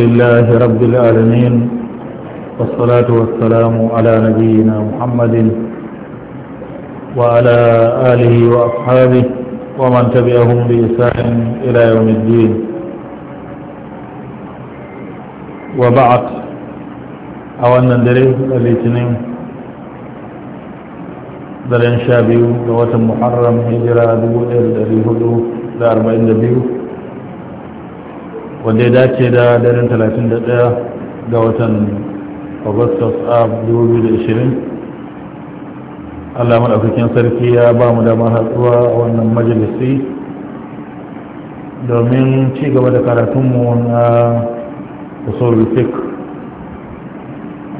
لله رب العالمين والصلاة والسلام على نبينا محمد وعلى آله وأصحابه ومن تبعهم بإسان إلى يوم الدين وبعد أولا أن ندري الاثنين دلين شابيو لوة محرم هجرة دبو الهدو لأربعين دبيو wanda ya dace da daren 31 ga watan augustus a 2020 allah daukakin sarki ya ba mu damar hatsuwa a wannan majalisi domin ci gaba da karatunmu na usul Fik,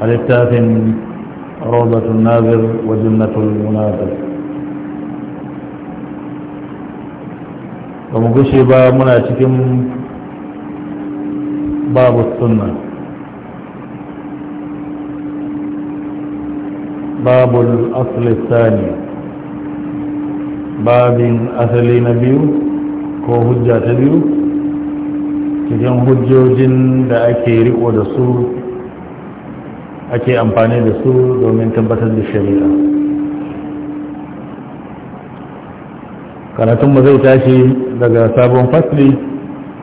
a littafin روضة الناظر ba mu gushe ba muna cikin babu sunna babu asali sani babin asali na biyu ko hujja ta biyu cikin hujjojin da ke riko da su ake amfani da su domin tabbatar da shari'a Karatun karatunmu zai tashi daga sabon fasli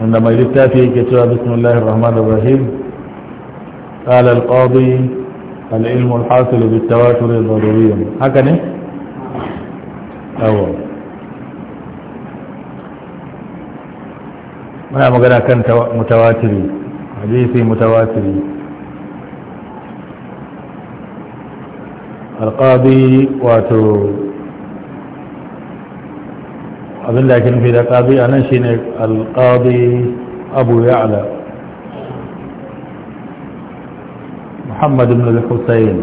عندما يلتافي كتاب بسم الله الرحمن الرحيم قال القاضي العلم الحاصل بالتواتر ضروريا هكذا أول هو magana كان متواتر حديث متواتر القاضي واتو abin da ake nufi da ƙazi a nan shine alƙazi abu ya'la muhammad ibn al-husayn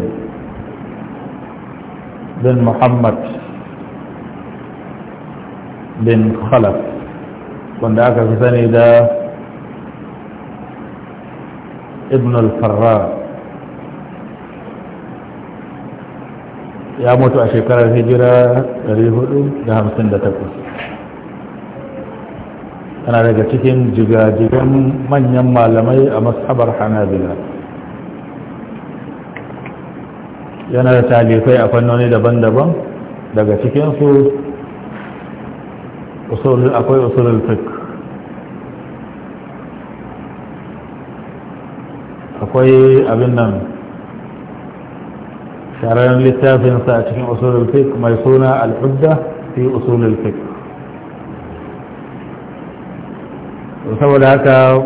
bin muhammad bin khalaf wanda aka fi sani da ibn al-farra ya mutu a shekarar hijira 458 yana daga cikin jigajigan manyan malamai a masabar hanabila yana da talifai a fannoni daban-daban daga cikinsu akwai usulul fik akwai abin nan littafinsa a cikin usulul fik mai suna al'udda fi usulul fik saboda haka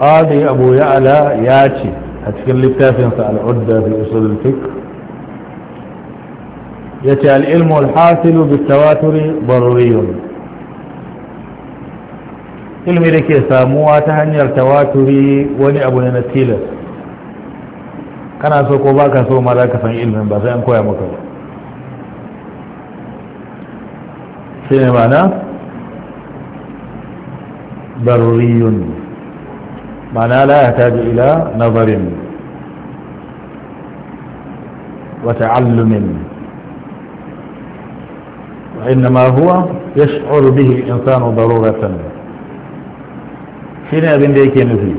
qadi abu ya'la ya ce a cikin littafinsa al'udda fi usul fiqh yace al-ilmu al-hasilu bit-tawatur ilmi da ke samuwa ta hanyar tawaturi wani abu ne na tilas kana so ko baka so ma zaka san ilmin ba sai an koya maka ba Sai ne ma'ana ضروري معناه لا يحتاج إلى نظر وتعلم وإنما هو يشعر به الإنسان ضرورة شنو أبن ديك نفي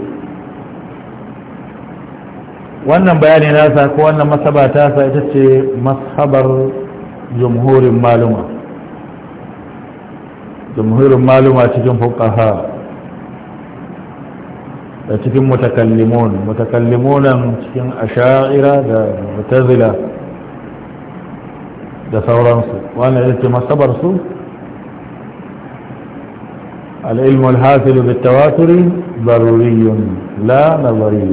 wannan bayani nasa ko wannan masaba ta sa ita ce mashabar jumhurin maluma jumhurin maluma cikin fuqaha da cikin mutakallimun mutakallimunan cikin asha'ira da mutazila da sauransu wannan ya ce masabarsu العلم الحاصل بالتواتر ضروري لا نظري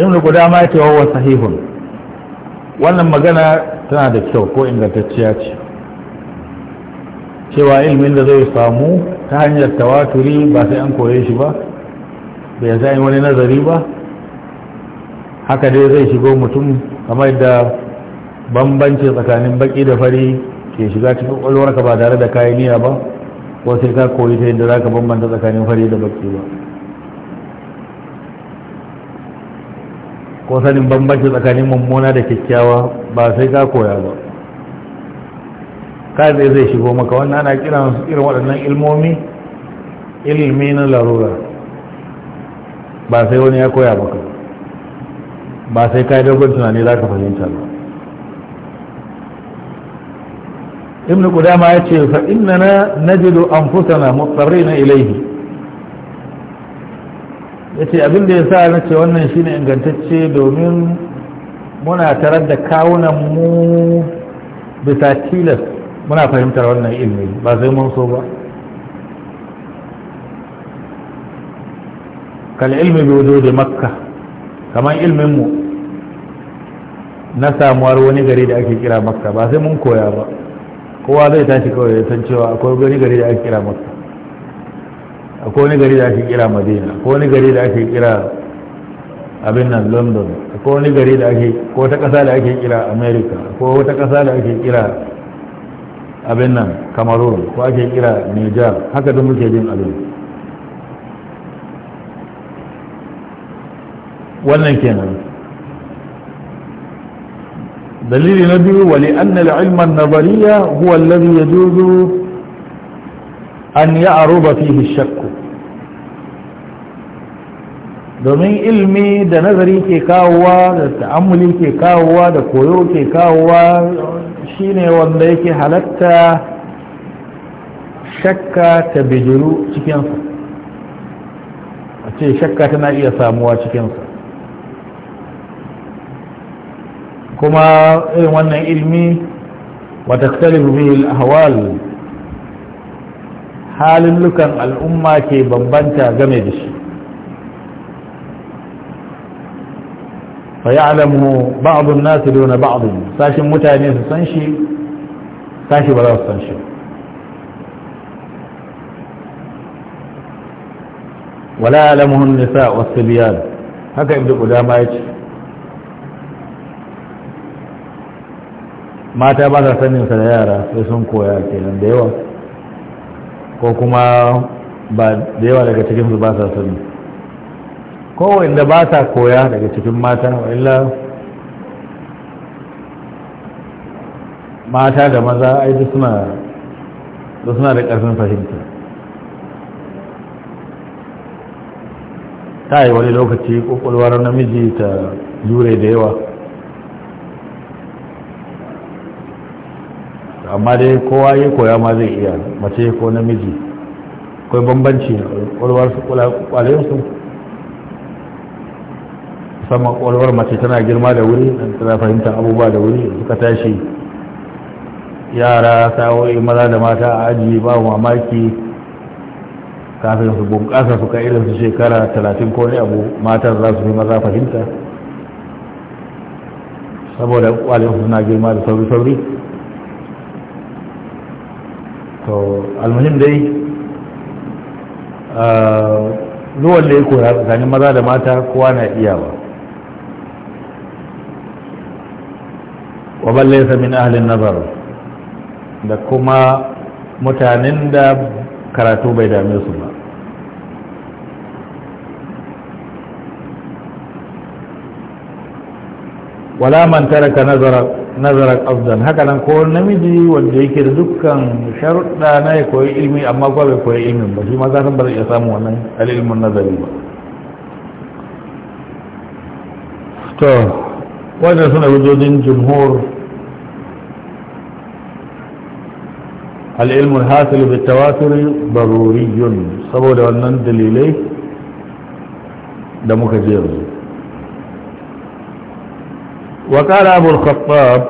ابن قدامة وهو صحيح wannan magana tana da kyau ko ingantacciya ce cewa ilmin da zai samu ta hanyar tawaturi ba sai an koye shi ba bai sai wani nazari ba haka dai zai shigo mutum kamar da bambanci tsakanin baki da fari ke shiga cikin kwalwarka ba tare da kayan niyya ba ko sai ka koyi ta yadda za ka bambanta tsakanin fari da baki ba ko sanin bambanci tsakanin mummuna da kyakkyawa ba sai ka koya ba kaɗe zai shigo maka wannan ana kiran su irin waɗannan ilmomi ilmi na larura ba sai wani ya koya maka ba sai ka yi dogon tunani za ka fahimta ba ibn kudama ya ce fa innana najidu anfusana mutsarrina ilayhi yace abin da yasa na ce wannan shine ingantacce domin muna tarar da kawunan mu bisa tilas muna fahimtar wannan ilmi ba sai mun so ba kal ilmi bi wujudi makka kamar ilmin mu na samuwar wani gari da ake kira makka ba sai mun koya ba kowa zai tashi kawai ya san cewa akwai wani gari da ake kira makka akwai wani gari da ake kira madina akwai wani gari da ake kira abin nan london akwai wani gari da ake ko ta ƙasa da ake kira america ko ta ƙasa da ake kira abin nan cameroon ko ake kira niger haka duk muke jin abin wannan kenan dalili na biyu wali anna al-ilma an-nazariyya huwa alladhi yajuzu an ya'ruba fihi ash domin ilmi da nazari ke kawowa da ta'ammuli ke kawowa da koyo ke kawowa shine wanda yake halatta shakka ta bijiru cikinsa a ce shakka tana iya samuwa cikinsa kuma irin wannan ilmi wata bihi hawal, halin lukan al'umma ke bambanta game da shi fa ya'lamu ba'd an-nas duna ba'd sashin mutane su san shi sashi ba za su san shi wala ya'lamuhu an-nisa was-sibyan haka ibnu qudama yace mata ba sa sanin sa da yara sai sun koya kenan da yawa ko kuma ba da yawa daga cikin su ba sa sani da ba ta koya daga cikin mata wa mata da maza yi duk suna da ƙarfin fahimta ta yi wani lokaci ƙwaƙwalwar namiji ta jure da yawa amma dai kowa yi koya ma zai iya mace ko namiji akwai bambanci ƙwaƙwalwar su musamman kwalwar mace tana girma da wuri tana fahimtar abubuwa da wuri suka tashi yara sa'o'i maza da mata a aji ba mamaki kafin su bunƙasa su ka irin su shekara talatin ko ne abu matan za su fi maza fahimta saboda ƙwalin suna girma da sauri-sauri to almuhim dai ruwan ah, da ya koya tsakanin maza da mata kowa na iya ba wa sa min ahalin nazar da kuma mutanen da karatu bai dame su ba wala man taraka nazarar afdal haka nan ko namiji wanda yake da dukkan sharuɗa na ya koyi ilmi amma kuma bai koyi ilmin ba shi ma za ba zai iya samun wannan alilmin nazari ba to wannan suna hujjojin jumhur العلم الحاصل بالتواتر ضروري سبوده أنه دليلي دمك جيرز وقال أبو الخطاب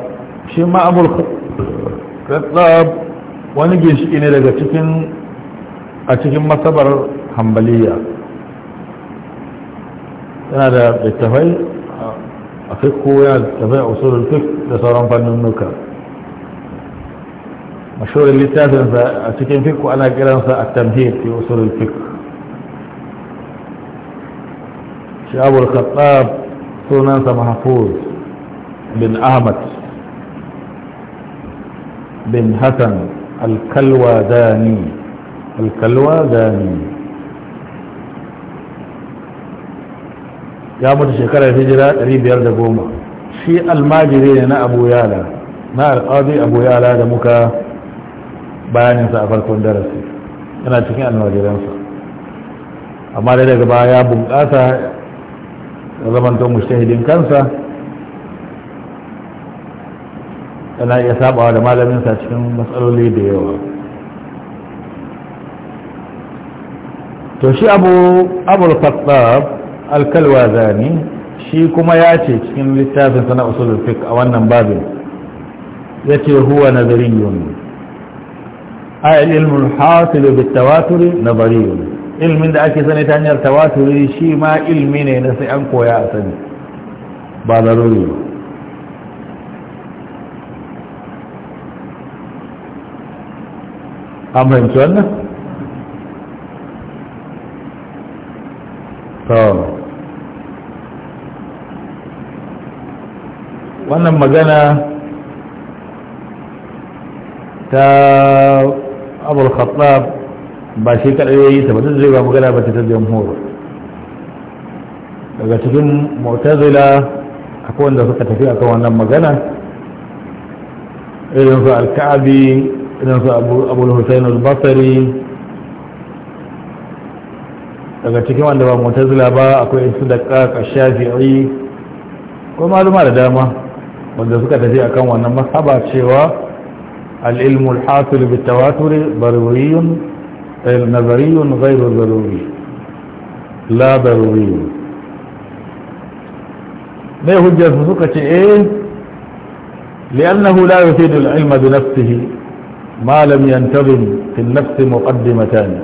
شما أبو الخطاب ونجيش إني لك تكن أتكن مصبر حنبلية أنا دا اتفاي أفكه يعني اتفاي أصول الفكر لصورا فنن نكر مشهور اللي تاثر فالسكين فيك وأنا قرأنا التمهيد في أصول الفكر شعب الخطاب سنان محفوظ بن أحمد بن حسن الكلوى داني الكلوى داني يا متشكرة الهجرة ريب يرد قومة في الماجرين أبو يالا ما القاضي أبو يالا دمك bayaninsa a farkon darasi yana cikin almajiransa amma dai daga baya ya bunƙasa ya zamanto mushahidin kansa yana iya sabawa da malaminsa cikin matsaloli da yawa to shi abu abul fattab alkalwa zani shi kuma ya ce cikin littafin sana usulul fiqh a wannan babin ya ce huwa nazariyun العلم الحاصل بالتواتر نظري علم من ذاك سنة ثانية التواتر شيء ما علمين نسي أنكو يا أسني بادروني أم هم سؤالنا طبعا وانا مغانا تا abul khattab ba shi kadai yayi ta ba zai ba magana ba ta jamhur daga cikin mu'tazila akwai wanda suka tafi akan wannan magana irin su al-ka'bi irin su abul husayn al-basri daga cikin wanda ba mu'tazila ba akwai su da kaka shafi'i ko maluma da dama wanda suka tafi akan wannan masaba cewa العلم الحاصل بالتواتر ضروري نظري غير ضروري لا ضروري ما هو فسوكة ايه لأنه لا يفيد العلم بنفسه ما لم ينتظم في النفس مقدمتان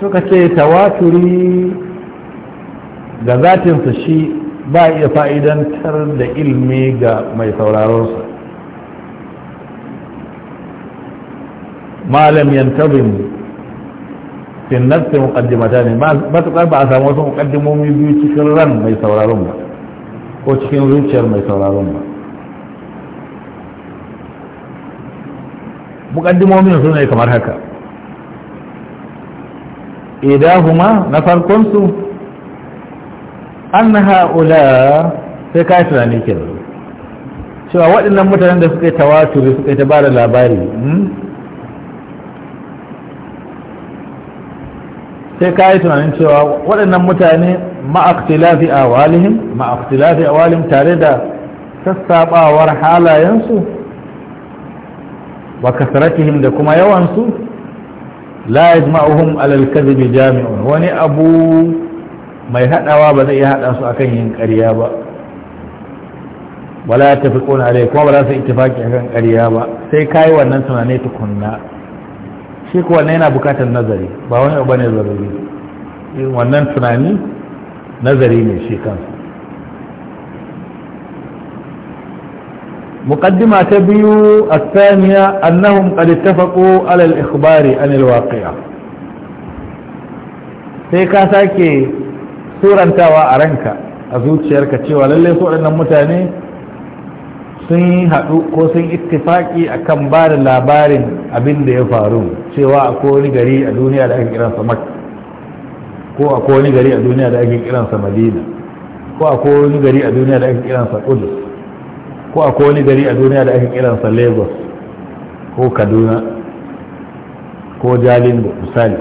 سوكة تواتري da في الشيء ba iya fa'idantar da ilmi ga ma lam yantazim fi nafsi muqaddimatan ba ta ba a wasu muqaddimomi biyu cikin ran mai sauraron ba ko cikin zuciyar mai sauraron ba muqaddimomin su ne kamar haka idahuma na farkon su an ha'ula sai ka tunani kenan cewa waɗannan mutanen da suka yi tawaturi suka yi ta ba da labari sai ka yi tunanin cewa waɗannan mutane ma'aktilafi a walihim ma'aktilafi a walihim tare da sassaɓawar halayensu wa kasaratihim da kuma yawansu la yajma'uhum alal kadhibi jami'un wani abu mai haɗawa ba zai iya haɗa su akan yin ƙarya ba wala tafiquna alai kuma ba za su ittifaqi akan ƙarya ba sai kai wannan tunane tukunna shi kuwa yana bukatar nazari ba wani abu ne zarurin wannan tunani nazari ne shi kansa ta biyu a saniya annahun ƙarita faƙo alal ikhbari an ilwaƙiya sai ka sake surantawa a ranka a zuciyarka cewa lallai su waɗannan mutane sun haɗu ko sun ittifaki akan ba da labarin abin da ya faru cewa a wani gari a duniya da ake kiransa mak ko a wani gari a duniya da ake kiransa madina ko a wani gari a duniya da ake kiransa kudus ko a wani gari a duniya da ake kiransa lagos ko kaduna ko jalingo misali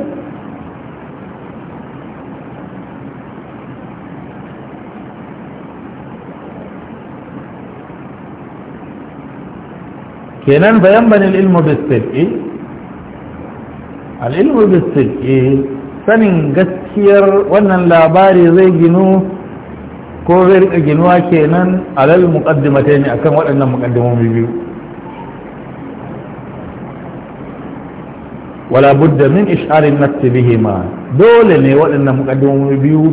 kenan bayan banin ilmu bisidki al'ilmu bisidki sanin gaskiyar wannan labari zai ginu ko zai rika ginuwa kenan alal muqaddimata ne akan waɗannan muqaddimomi biyu wala budda min isharin nafsi ma dole ne waɗannan muqaddimomi biyu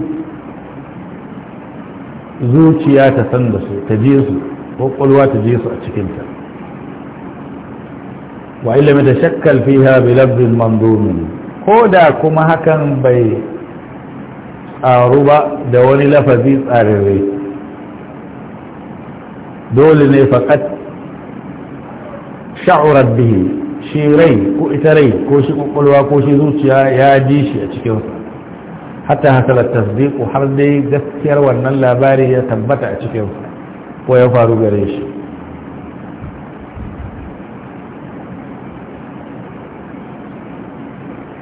zuciya ta san da su ta ji su ko ta ji su a cikinta wa illam yatashakal fiha bi lafzin manzum ko da kuma hakan bai tsaru ba da wani lafazi tsararre dole ne faqat sha'urar bihi shi rai ko ita rai ko shi ƙwaƙwalwa ko shi zuciya ya ji shi a cikin hatta hasala tasdiq har dai gaskiyar wannan labari ya tabbata a cikin ko ya faru gare shi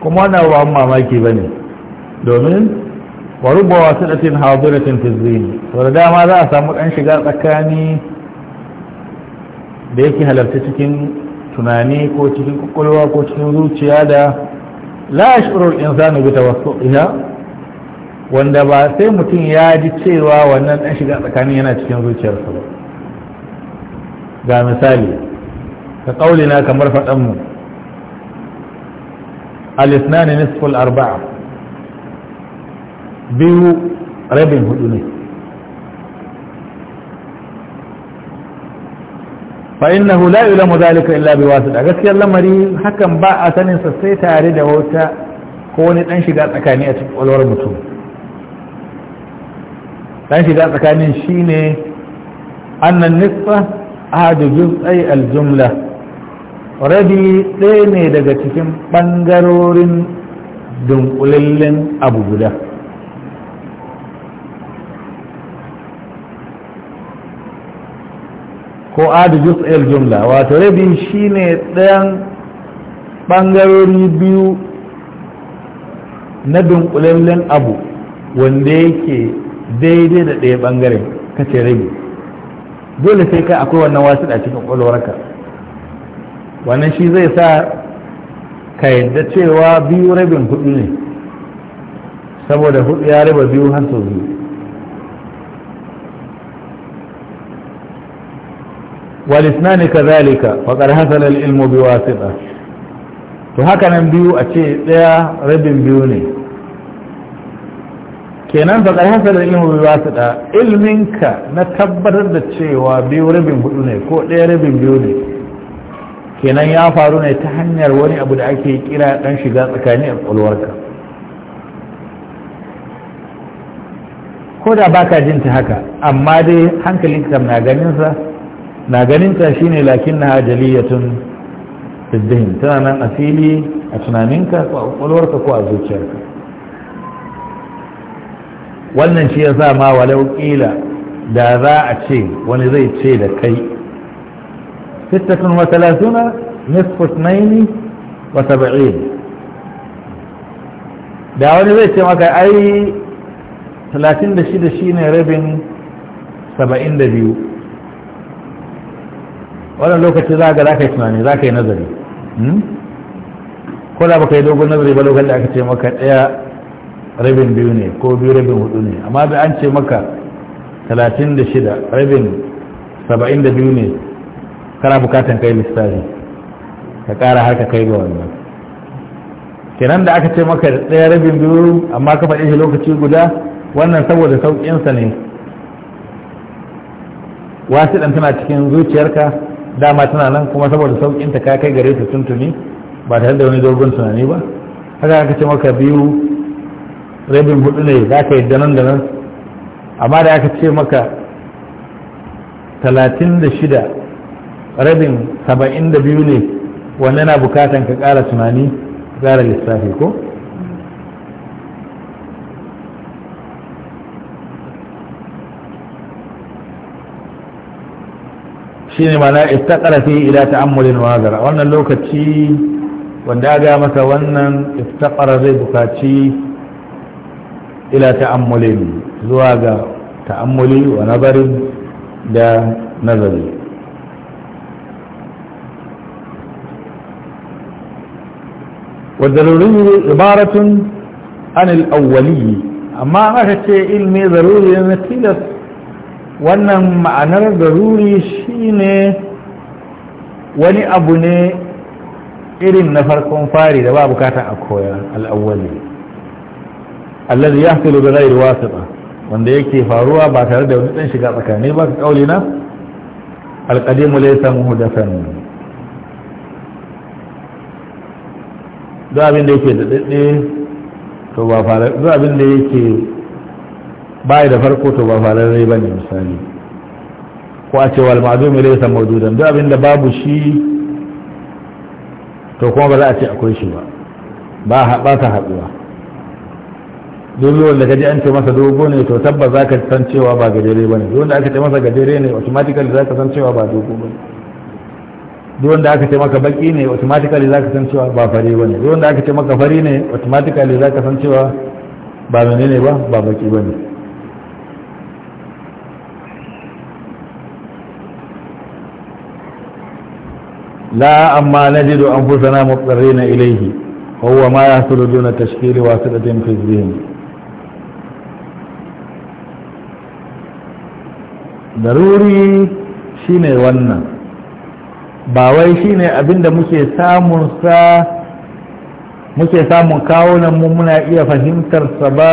kuma na ba mamaki ba ne domin waruba wasu ɗatin hazuratin fizini wadda dama za a samu ɗan shiga tsakani da yake halarta cikin tunani ko cikin kwakwalwa ko cikin zuciya da la'ashirar bita wasu iya wanda ba sai mutum ya ji cewa wannan ɗan shiga tsakanin yana cikin zuciyarsa ba ga misali ka ƙaulina kamar faɗanmu الاثنان نصف الاربعة به ربن هدوني فإنه لا يلم ذلك إلا بواسطة قلت يا الله مريض حكم باء أتاني سسي تاريد ووتا كوني تنشي قاعد أكاني أتبق والورب تون تنشي قاعد أكاني شيني أن النصف هذا جزء الجملة rabi ɗaya ne daga cikin ɓangarorin dunkulallen abu guda ko adu el jumla wato rabi shine ɗayan ɓangarori biyu na dunkulallen abu wanda yake daidai da ɗaya ka kace rabi dole sai kai akwai wannan wasu a cikin ƙwalwarka wannan shi zai sa ka yadda cewa biyu rabin hudu ne saboda hudu ya raba biyu har sau biyu walisnani ka zalika faƙar hasalar ilmu biyu wasiɗa to haka nan biyu a ce ɗaya rabin biyu ne kenan faƙar hasalar ilmu biyu wasiɗa ilminka na tabbatar da cewa biyu rabin hudu ne ko ɗaya rabin biyu ne kenan ya faru ne ta hanyar wani abu da ake kira dan shiga tsakani a kwalwarka ko da baka jin ta haka amma dai hankalin kam na ganinsa na ganinta shine lakin na ajaliyatun fiddahin tana nan asili a tunaninka ko a kwalwarka ko a zuciyarka wannan shi ya sa ma walau kila da za a ce wani zai ce da kai ستة وثلاثون نصف اثنين وسبعين da wani zai ce maka ai 36 shi ne rabin 72 wannan lokaci za ga za ka yi tunani za ka yi nazari ko da baka yi dogon nazari ba lokacin da aka ce maka ɗaya rabin biyu ne ko biyu rabin hudu ne amma da an ce maka 36 rabin 72 ne kana bukatan kai lissafi ka kara har ka kai ga wannan kenan da aka ce maka ɗaya rabin biyu amma ka faɗi shi lokaci guda wannan saboda sauƙinsa ne wasu ɗan tana cikin zuciyarka dama tana nan kuma saboda sauƙinta ka kai gare ta tuntuni ba tare da wani dogon tunani ba haka aka ce maka biyu rabin hudu ne za ka yi nan da nan amma da aka ce maka talatin da shida rabin saba'in da biyu ne wanda na bukatan ka ƙara tunani ƙara lissafi ko shi ne mana istaƙara fi ila ta'ammulin wazara wannan lokaci wanda ga masa wannan istaƙara zai bukaci ila ta'ammulin zuwa ga ta'ammuli wa nazarin da nazari والضروري عبارة عن الأولي أما أخذت علمي ضروري نتيلة wannan ma'anar ضروري shine wani abu ne irin na farkon fari da ba bukatan a koya al'awwali allazi ya fi lura zai wasita wanda yake faruwa ba tare da wani dan shiga tsakani ba ka kauli na alƙadimu laysa muhdathan za abin da yake da daɗe to ba fara abin da yake bai da farko to ba fararre ba ne misali ko a cewa al-ma'zumi laysa mawdudan duk abin da babu shi to kuma ba za a ce akwai shi ba ba ba ta haɗuwa duk wanda kaji an ce masa dogo ne to tabbas zaka san cewa ba gajere bane duk da aka ce masa gajere ne automatically zaka san cewa ba dogo bane ruwan da aka ce maka baki ne automatically za ka san cewa ba fare bane. ne ruwan da aka ce maka fari ne automatically za ka san cewa ba mene ne ba ba baki bane. ne la amma na jido an fi sana na ilaihi kowa ma ya su rubu na tashkiri wasu da jin fizihin daruri shine wannan ba wai shine abinda muke samun muke samun kawo nan mu muna iya fahimtar sa ba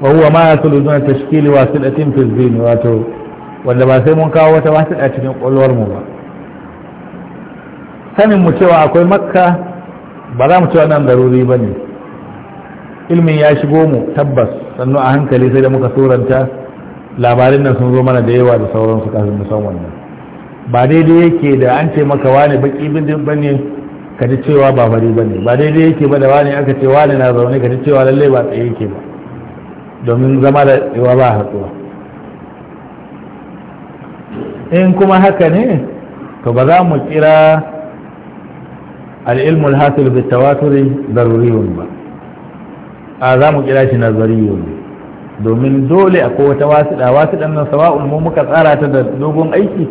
wa huwa ma yasulu duna tashkili wasilatin fi zini wato wanda ba sai mun kawo wata wasila cikin kwalwar mu ba sanin mu cewa akwai makka ba za mu cewa nan daruri ba ne ilmin ya shigo mu tabbas sannu a hankali sai da muka suranta labarin nan sun zo mana da yawa da sauransu kafin mu san wannan ba daidai yake da an ce maka wani baki bindin bane ka ji cewa ba bari bane ba daidai yake ba da wani aka ce wani na zaune ka ji cewa lallai ba tsaye yake ba domin zama da tsewa ba hatsuwa in kuma haka ne to ba za mu kira al'ilmul hasil bi tawaturi zaruriyun ba a za mu kira shi nazariyun domin dole akwai wata Wasu ɗan nan sawa'un mu muka tsara ta da dogon aiki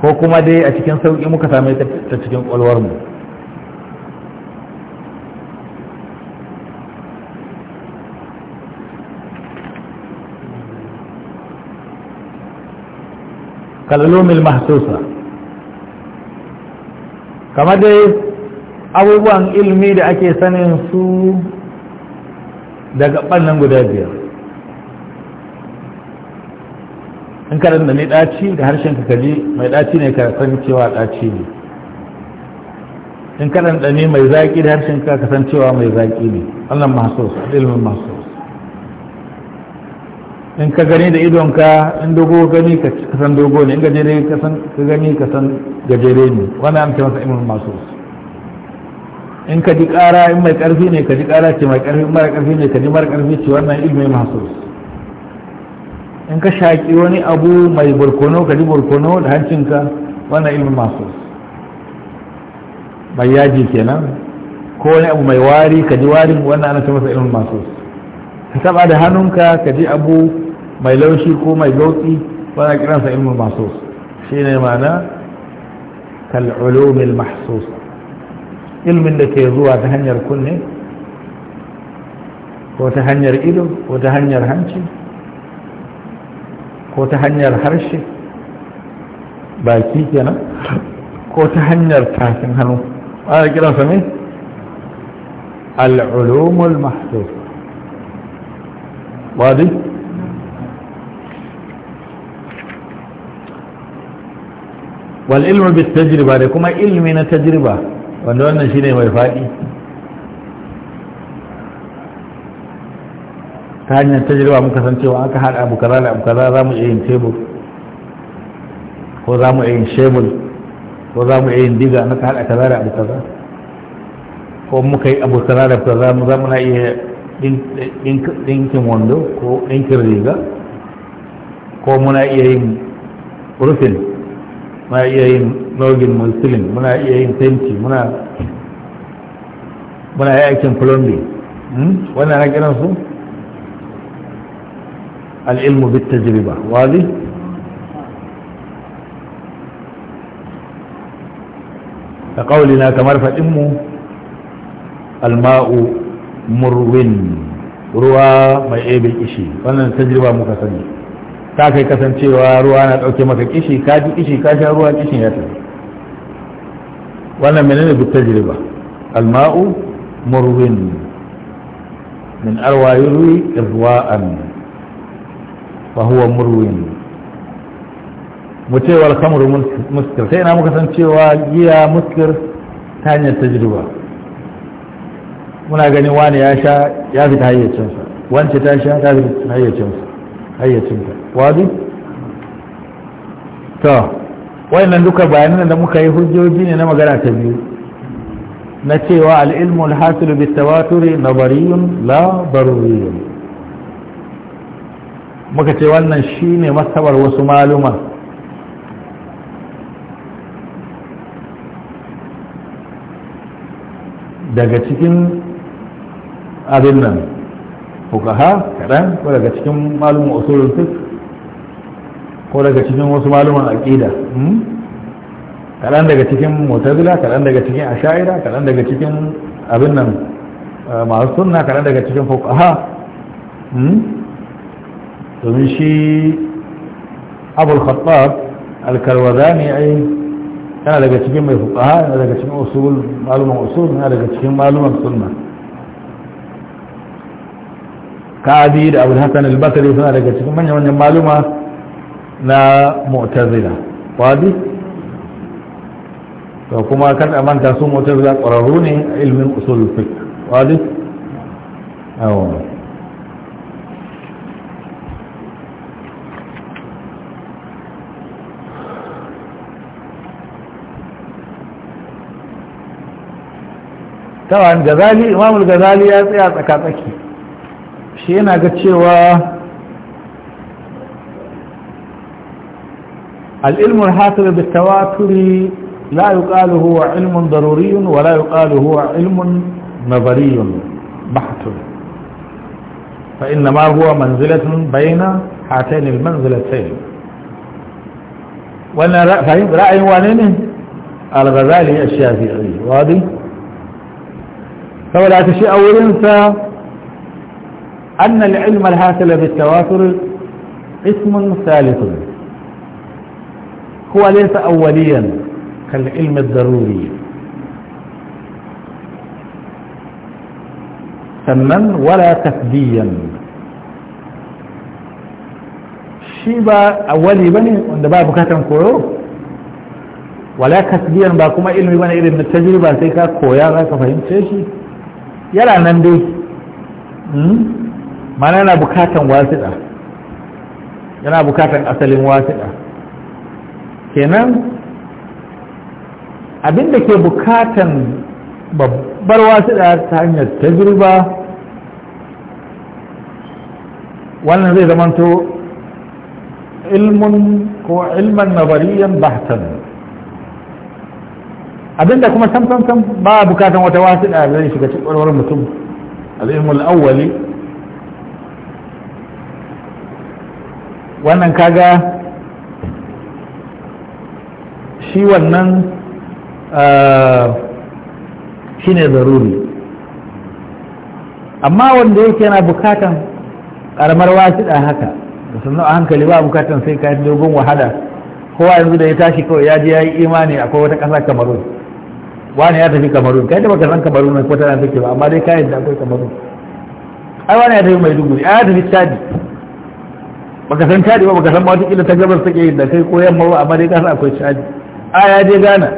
ko kuma dai a cikin sauƙi muka same ta cikin ƙwalwarmu kalalomil mahsusa kamar dai abubuwan ilmi da ake sanin su daga ɓannan guda biyar in ka da mai ɗaci da harshen ka kaji mai ɗaci ne ka san cewa ɗaci ne in ka ɗanɗane mai zaƙi da harshen ka san cewa mai zaƙi ne allah mahasus ilmin mahasus in ka gani da idonka in dogo gani ka san dogo ne in gajere ka san ka gani ka san gajere ne wannan an ce masa ilmin in ka ji ƙara in mai ƙarfi ne ka ji ƙara ce mai ƙarfi mara ƙarfi ne ka ji mara ƙarfi ce wannan ilmi masu in ka shaƙi wani abu mai barkono, ka ji barkono da hancinka wannan ilmin masu mai yaji kenan ko wani abu mai wari ka ji warin wannan ana ce masa ilmin masu ka saba da hannunka ka ji abu mai laushi ko mai gautsi wannan kiransa ilmin masu Shi ne ma'ana kal'ulumil masu. ilmin da ke zuwa ta hanyar kunne ko ta hanyar ido ko ta hanyar hanci ko ta hanyar harshe baki kenan ko ta hanyar tafin hannu ana kiransa ne al'ulumul mahsus wadi wal ilmu bi tajriba da kuma ilmi na tajriba wanda wannan shine mai faɗi ta hanyar tajirwa muka san cewa aka haɗa abu kaza da abu kaza za mu iya yin tebur ko za mu iya yin shebul ko za mu iya yin diga na haɗa kaza da abu kaza ko muka yi abu kaza da kaza mu za mu na iya ɗinkin wando ko ɗinkin riga ko muna iya yin rufin muna iya yin nogin musulun muna iya yin tenti muna muna yi aikin plumbing hmm? wannan na kiransu العلم بالتجربة واضح فقولنا كمرفة إمه الماء مروين روى ما يعيب الإشي فلنا تجربة مكسنة تاكي كسن تيروى روى أنا أتعوكي ما فيك إشي كاجي إشي كاجي روى إشي يتعوكي وانا من بالتجربة الماء مروين من أروى يروي إرواءً فهو مروين متي والخمر مسكر سينا مكسن تيوى جيا مسكر تانية تجربة منا قاني واني عشاء يافت هاية شمسة وانت تاشا تافت هاية شمسة هاية شمسة واضي تو وإن لك بأننا لمك يهجو الجين إنما قرأ تبيو نتيوى العلم الحاصل بالتواتر نظري لا ضروري muka ce wannan shine masabar wasu maluma daga cikin abin nan fukaha kaɗan ko daga cikin maluman usulun fiqh ko daga cikin wasu maluman aƙida hmm? kaɗan daga cikin motazila kaɗan daga cikin asha'ira kaɗan daga cikin abin nan eh, masu suna kaɗan daga cikin fukaha hmm? domin shi abul khattab alkarwazani ai yana daga cikin mai fuqaha yana daga cikin usul maluman usul yana daga cikin maluman sunna ka'adi da abul hasan al-basri suna daga cikin manyan manyan maluma na mu'tazila wadi to kuma kan amanta su mu'tazila ƙwararru ne ilmin usul fiqh wadi awo طبعا الغزالي امام الغزالي يا tsaya tsakatsaki shi yana ga cewa العلم الحاصل بالتواتر لا يقال هو علم ضروري ولا يقال هو علم نظري بحت فإنما هو منزلة بين هاتين المنزلتين وانا رأي وانين الغزالي الشافعي واضح فلا تشيء او ينسى ان العلم الهاتل بالتواتر اسم ثالث هو ليس اوليا كالعلم الضروري تمن ولا تفديا شيء اولي بني عند باب كاتم كورو ولا كسبيا باكما علمي بني التجربة سيكا كويا غير كفاهم شيء yana nan dai hmm? mana yana bukatan wasiɗa yana bukatan asalin wasiɗa kenan abinda ke bukatan babbar wasiɗa ta hanyar tajirba wannan zai zamanto ilmin ko ilman nabariyan bahtan abinda kuma sam sam sam ba bukatan wata wasu da zai shiga cikin warwar mutum al'ilmul awwali wannan kaga shi wannan eh, shi ne zaruri amma wanda yake yana bukatan karamar wasu haka da sannu a hankali ba bukatan sai ka dogon wahala kowa yanzu da ya tashi kawai ya ji ya yi imani akwai wata ƙasa kamaru wani ya tafi kamarun kai da baka san kamarun mai kwata nan take ba amma dai kayan da akwai kamarun ai wani ya tafi mai duguri ai ya tafi chadi baka san chadi ba baka san ma wata ta gabas take yin da kai ko yamma ba amma dai ka san akwai chadi a ya je ghana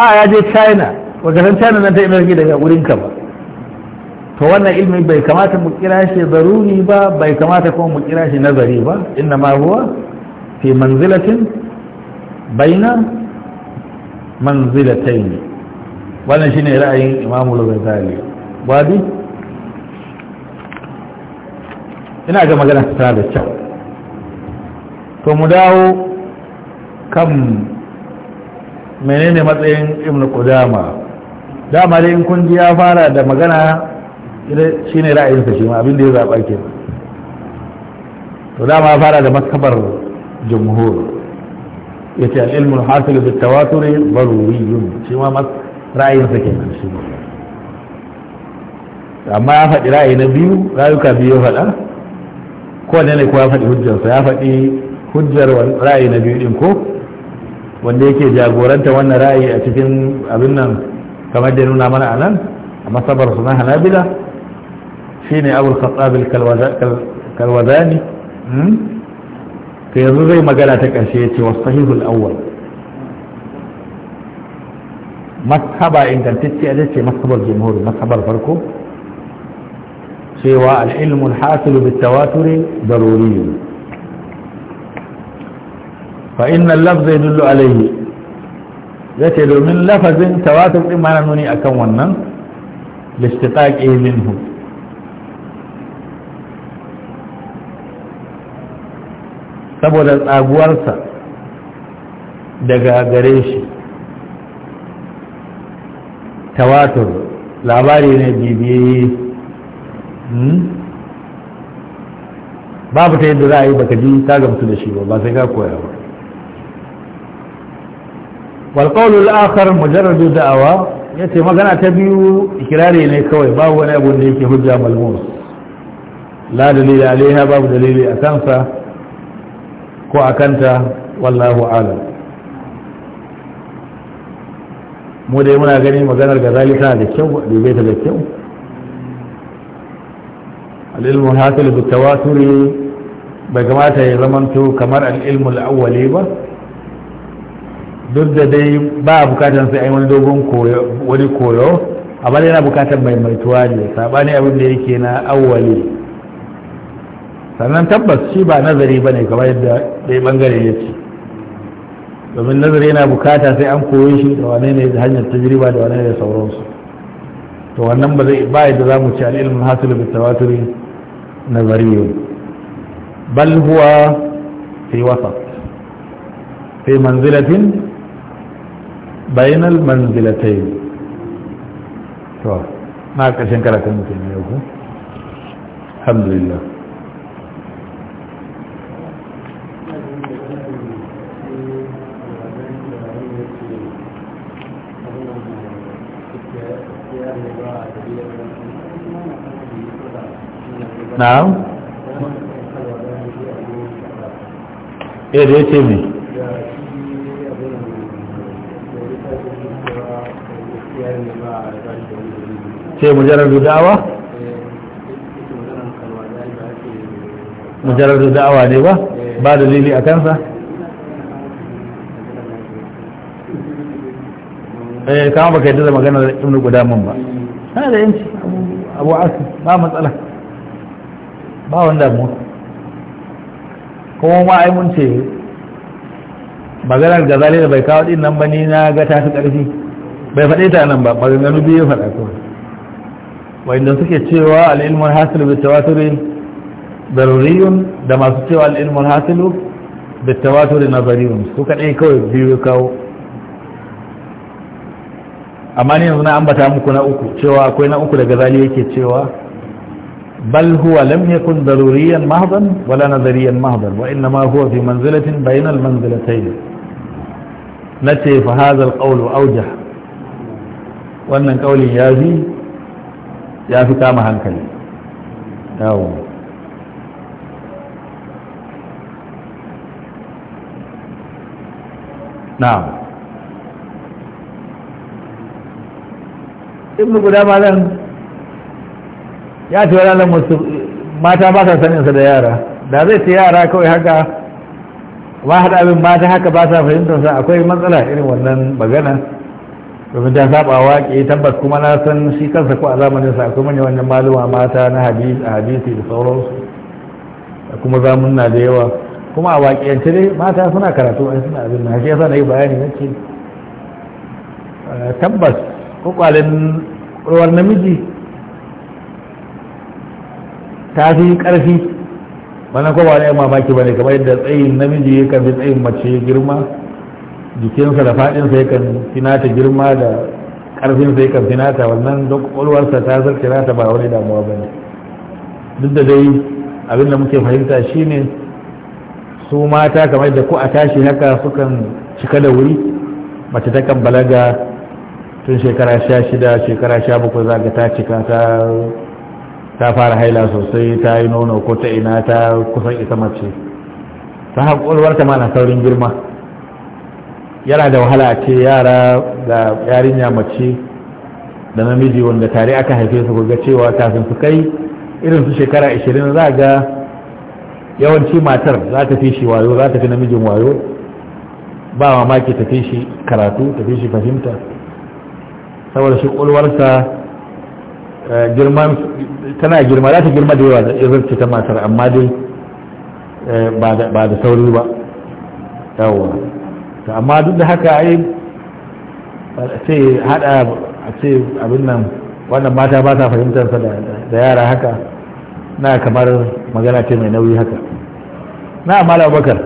a ya je china baka san china nan ta imarki daga wurin ka ba to wannan ilmi bai kamata mu kira shi zaruri ba bai kamata kuma mu kira shi nazari ba inna ma huwa fi manzilatin baina ne, wannan shine ra'ayin Imam al-Ghazali wadi ina ga magana ta da kyau to mu dawo kan menene matsayin Ibn Qudama dama dai in kun ji ya fara da magana shi ne ra'ayinsa shi ma abin da ya zaba ke to dama fara da maskabar jumhur yace al-ilmu al-hasil bi tawatur daruriyun shi ma ra'ayin sa kenan shi amma ya faɗi ra'ayi na biyu rayuka biyu faɗa ko ne ne ko ya faɗi hujjarsa ya faɗi hujjar ra'ayi na biyu din ko wanda yake jagoranta wannan ra'ayi a cikin abin nan kamar da nuna mana anan a masabar su na hanabila shine abul khattab al-kalwazani hmm? to yanzu zai magana ta ƙarshe ya ce wasu sahihul awwal mashaba ingantacce a ce mashabar jumhur mashabar farko cewa al'ilmul hasilu bi tawaturi daruri fa inna lafz yadullu ya ce domin lafazin tawatur din mana nuni akan wannan listitaqi minhu saboda tsaguwarsa daga gare shi tawatar labari ne bibiye, hmm? babu ta yadda za a yi baka ji ta gamsu da shi ba ba sai ka koya ba walƙaunar la'akar majalar da'awa ya ce magana ta biyu ikirari ne kawai babu wani abu da yake hujja malmuns la dalili alaiha babu dalili a kansa ko a kanta wallahu alam mu dai muna gani maganar gazali tana da kyau a bai ta da kyau al'ilmu hasil bi tawaturi bai kamata ya zamanto kamar al'ilmu al'awwali ba duk da dai ba a bukatar sai ai wani dogon koyo wani koyo amma yana bukatar maimaituwa ne sabani abin da yake na awwali sannan tabbas shi ba nazari ba ne kamar yadda ɗaya ɓangare ya ce domin nazari yana bukata sai an koyi shi da wane ne hanyar tajriba da wane ne sauransu to wannan ba zai ba yadda za mu ci al'ilmin hasilu bi tawaturi nazariyo bal huwa fi wasat fi manzilatin bainal manzilatayn to na ƙarshen karatun mutum ne ku alhamdulillah na'am eh da yace me ce mujarradu da'awa mujarradu da'awa ne ba ba dalili a kansa eh kama baka yadda da maganar guda gudaman ba ha da yanci abu a su ba matsala ba wanda mu kuma ma ai mun ce maganar gazali da bai kawo din nan ba ni na ga ta fi karfi bai faɗe ta nan ba maganganu biyu faɗa kawai wanda suke cewa al'ilmul hasilu bi tawaturi daruriyun da masu cewa al'ilmul hasilu bi tawaturi nazariyun su dai kawai biyu kawo amma ne yanzu na ambata muku na uku cewa akwai na uku da gazali yake cewa بل هو لم يكن ضروريا محضا ولا نظريا محضا وإنما هو في منزلة بين المنزلتين نتي فهذا القول أوجه وأن قول يازي يا في كام هنكلي أو نعم ابن قدامة ya ce ranar musu mata ba sa saninsa da yara da zai ce yara kawai haka ba haɗa abin mata haka ba sa fahimtarsa akwai matsala irin wannan magana domin ta saba waƙe tabbas kuma na san shi kansa ko a zamaninsa akwai manyan wannan maluma mata na hadisi da sauransu kuma na da yawa kuma a waƙiyance dai mata suna karatu a suna abin na shi yasa na yi bayani na ce tabbas kwakwalin ruwan namiji ta fi ƙarfi wannan ba ne mamaki bane kamar yadda tsayin namiji ya kan fi tsayin mace girma jikinsa da faɗinsa ya kan finata girma da ƙarfinsa ya kan finata wannan don ƙwaƙwalwarsa ta zarce nata ba wani damuwa bane duk da dai abin da muke fahimta shine su mata kamar da ku a tashi haka sukan cika da wuri mace ta kan balaga tun shekara sha shida shekara sha bakwai za ta cika ta ta fara haila sosai ta yi nono ko ta ina ta kusan isa mace ta haƙulwar ta mana saurin girma yana da wahala a ce yara ga yarinya mace da namiji wanda tare aka haife su ga cewa kafin su kai irin su shekara 20 za ga yawanci matar za ta fi shi wayo za ta fi namijin wayo ba mamaki ta fi shi karatu ta fi shi fahimta saboda shi ƙulwarsa girman tana girma za ta girma da yawa da irin ta matar amma dai eh, ba da sauri ba yawa amma duk da haka ai sai hada a ce abin nan wannan mata ba ta sa da yara haka na kamar magana ce mai nauyi haka na amala bakar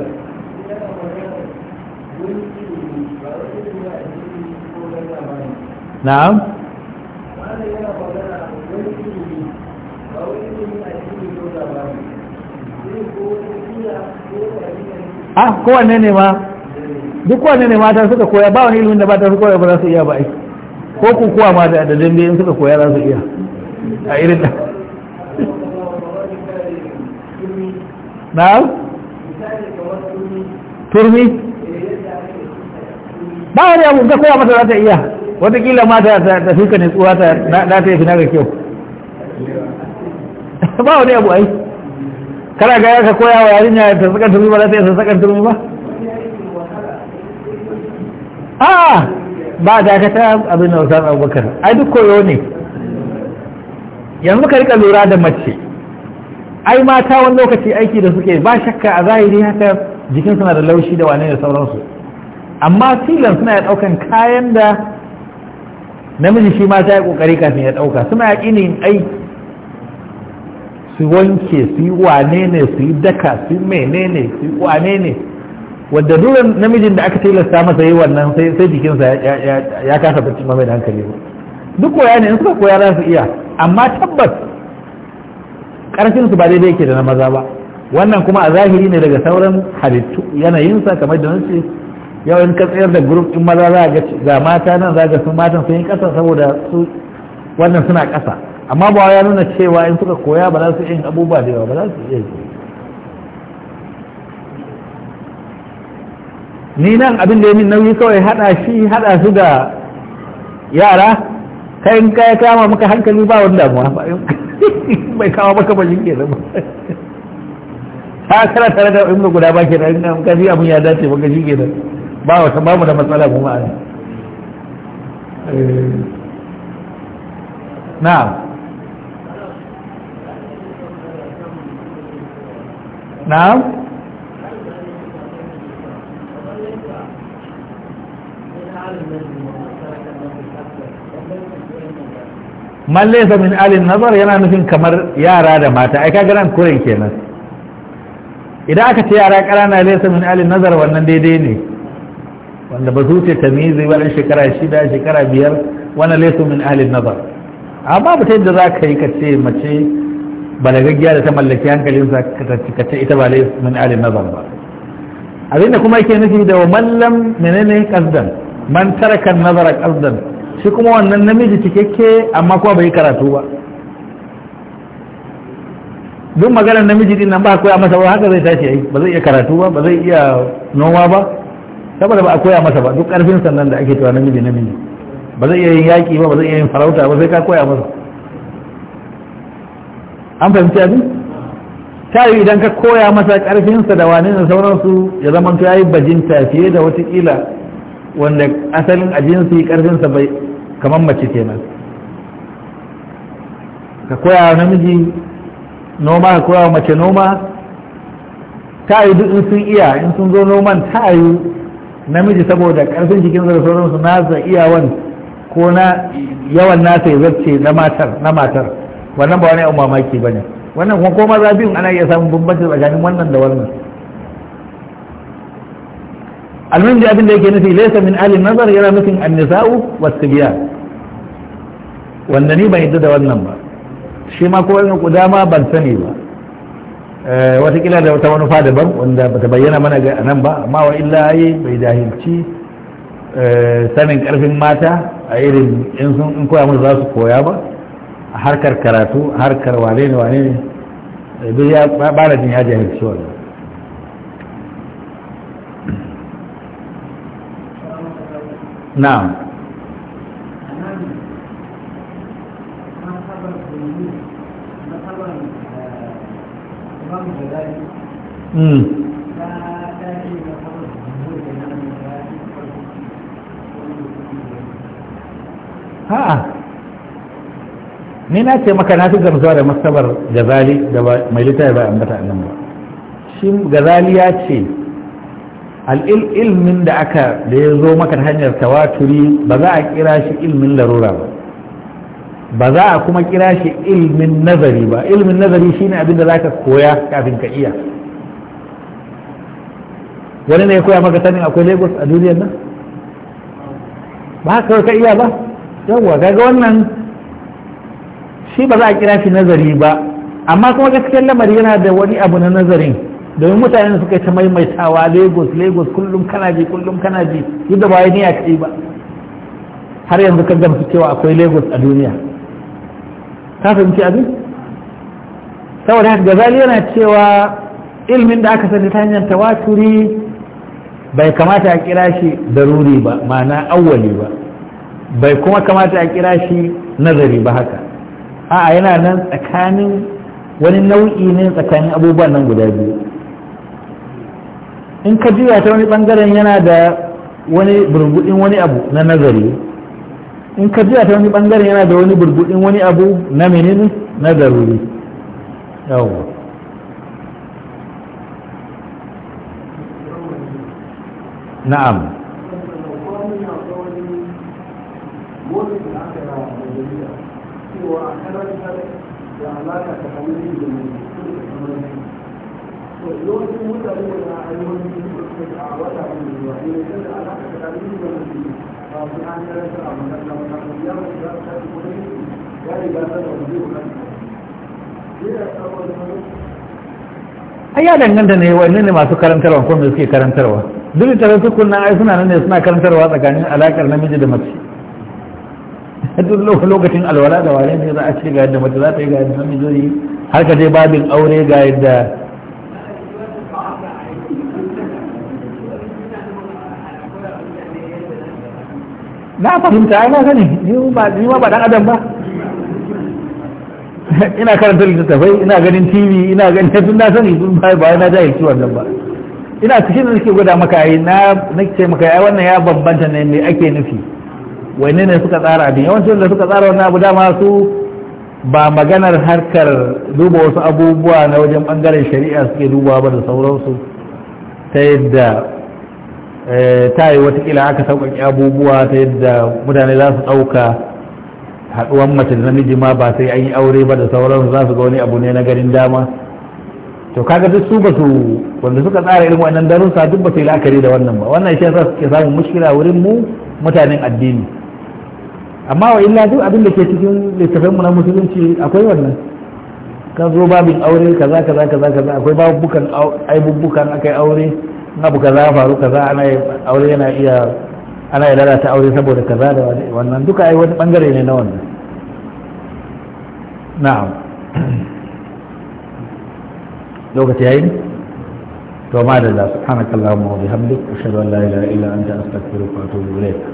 na'am ah kowanne ne ma duk kowanne ne mata suka koya ba wani ilimin da mata suka koya ba za su iya ba yi ko ku kuwa ma da da dambe in suka koya za su iya a irin da na turmi ba wani abu da koya mata za ta iya watakila mata ta fi ka tsuwa ta ta yi fi na ga kyau ba wani abu ai kana ga ka koya wa yarinya ta saka turmi ba za ta yi saka turmi ba a ba da ka abin da wasan abubakar ai duk koyo ne yanzu ka rika lura da mace ai mata wani lokaci aiki da suke ba shakka a zahiri haka jikin suna da laushi da wane da sauransu amma tilan suna ya daukan kayan da namiji shi ma ta yi kokari kafin ya dauka suna yaƙinin ai su wanke su yi wane ne su yi daka su menene su wane ne wadda dole namijin da aka tilasta masa yi wannan sai jikinsa ya kasa bacci mai da hankali ba duk koya ne in suka koya za su iya amma tabbas karfin su ba daidai yake da na maza ba wannan kuma a zahiri ne daga sauran halittu yanayinsa kamar da nace yau in ka tsayar da grup in maza za ga mata nan za ga sun matan sun yi kasa saboda su wannan suna kasa amma ba ya nuna cewa in suka koya ba za su yin abubuwa da yawa ba za su iya yi ni nan abin da ya min nauyi kawai hada shi hada su da yara kai in kaya kama maka hankali ba wani damuwa ba bai kama maka bajin ke zama ta kara tare da in guda ba ke nan nan kasi abin ya dace ba gaji ke nan ba wata ba mu da matsala kuma a eh. na'am na'am man laysa min alin nazar yana nufin kamar yara da mata ai ka nan kuren kenan idan aka ci yara ƙarana laysa min alin nazar wannan daidai ne wanda ba su ce tamizi ba shekara shida shekara biyar wannan laysa min alin nazar amma ba ta za ka yi ka ce mace balagaggiya da ta mallaki hankalinsa ka ta ita ba min alin nazar ba abinda kuma yake nufi da wa mallam menene kasdan man taraka nazara kasdan shi kuma wannan namiji cikakke amma kuma bai karatu ba duk maganar namiji din nan ba koya masa ba haka zai tashi yi ba zai iya karatu ba ba zai iya noma ba saboda ba a koya masa ba duk karfin sannan da ake cewa namiji namiji ba zai iya yin yaƙi ba ba zai iya yin farauta ba sai ka koya masa an fahimci abin ta yi idan ka koya masa ƙarfinsa da wani da sauransu ya zama to yayi bajinta fiye da watakila wanda asalin a jinsi karfinsa bai kamar mace kenan ka koya namiji noma ka koya mace noma ta yi duk in sun iya in sun zo noman ta yi namiji saboda karfin jikin da sauransu na iya iyawan ko na yawan nasa ya zarce na matar wannan ba wani yan mamaki ba ne wannan kuma koma zafin ana iya samun bambanci tsakanin wannan da wannan almin da abin da yake nufi laisa min alin nazar yana nufin annisa'u wasu biya wanda ni ban yadda da wannan ba shi ma kowa ne kudama ban sani ba eh, watakila da wata manufa daban wanda bata bayyana mana ga nan ba amma wa illa yi bai jahilci eh, sanin karfin mata a irin in sun koya musu za su koya ba harkar karatu harkar wane ne wane ne duk ya bara jin ya jahilci wannan Ha. Hmm. ni na ce maka na fi gamsuwa da mastabar gazali da mai littafi ba ambata nan ba shi gazali ya ce al'ilmin da aka da ya zo maka hanyar tawaturi ba za a kira shi ilmin larura ba ba za a kuma kira shi ilmin nazari ba ilmin nazari shine abin da zaka koya kafin ka iya wani ne ya koya maka sanin akwai lagos a duniyar nan ba haka ka iya ba yawwa kaga wannan shi ba za a kira shi nazari ba amma kuma gaskiyar lamari yana da wani abu na nazarin domin mutane da suka ta maimaitawa lagos lagos kullum kana ji kullum kana ji duk da bayan ya kai ba har yanzu kan gamsu cewa akwai lagos a duniya ka fahimci abin saboda haka gazali yana cewa ilmin da aka sani ta hanyar tawaturi bai kamata a kira shi daruri ba ma'ana awwali ba bai kuma kamata a kira shi nazari ba haka a yana nan tsakanin wani nau'i ne tsakanin abubuwan nan guda biyu in ka juya ta wani bangaren yana da wani burbuɗin wani abu na nazari in ka juya ta wani bangaren yana da wani burbuɗin wani abu na menene na daruri yawon na'am albarka da mai a eh, ne ya wani danganta ne wani ne masu karantarwa ko me suke karantarwa duk da su kunna ai suna nan ne suna karantarwa tsakanin alakar namiji da mace duk lokacin alwala da wale ne za a ce ga yadda mace za ta yi ga yadda namiji zai yi har ka je babin aure ga yadda na fahimta ai na sani ni ma ba dan adam ba ina karanta littattafai ina ganin tv ina ganin sun na sani sun ba ba na jahilci wannan ba ina cikin da nake gwada maka ai na nake maka ai wannan ya bambanta ne me ake nufi wani ne suka tsara abin yawancin da suka tsara wannan abu dama su ba maganar harkar duba wasu abubuwa na wajen bangaren shari'a suke dubawa ba da sauransu ta yadda eh, ta yi watakila aka sauƙaƙe abubuwa ta yadda mutane za su ɗauka haɗuwan mace da namiji ma ba sai an yi aure ba da sauransu za su ga wani abu ne na garin dama to kaga duk su ba su wanda suka tsara irin wannan darussa duk ba su yi la'akari da wannan ba wannan shi yasa suke samun mushkila wurin mu mutanen addini amma wa illa duk abin da ke cikin littafanmu na musulunci akwai wannan ka zo babin aure kaza kaza kaza kaza akwai babukan aibubukan akai aure buka kaza faru kaza ana aure yana iya ana iya lalata aure saboda kaza da wannan duka ai wani bangare ne na wannan na'am lokaci yayi to ma da subhanakallahumma wa bihamdika ashhadu an la ilaha illa anta astaghfiruka wa atubu ilayk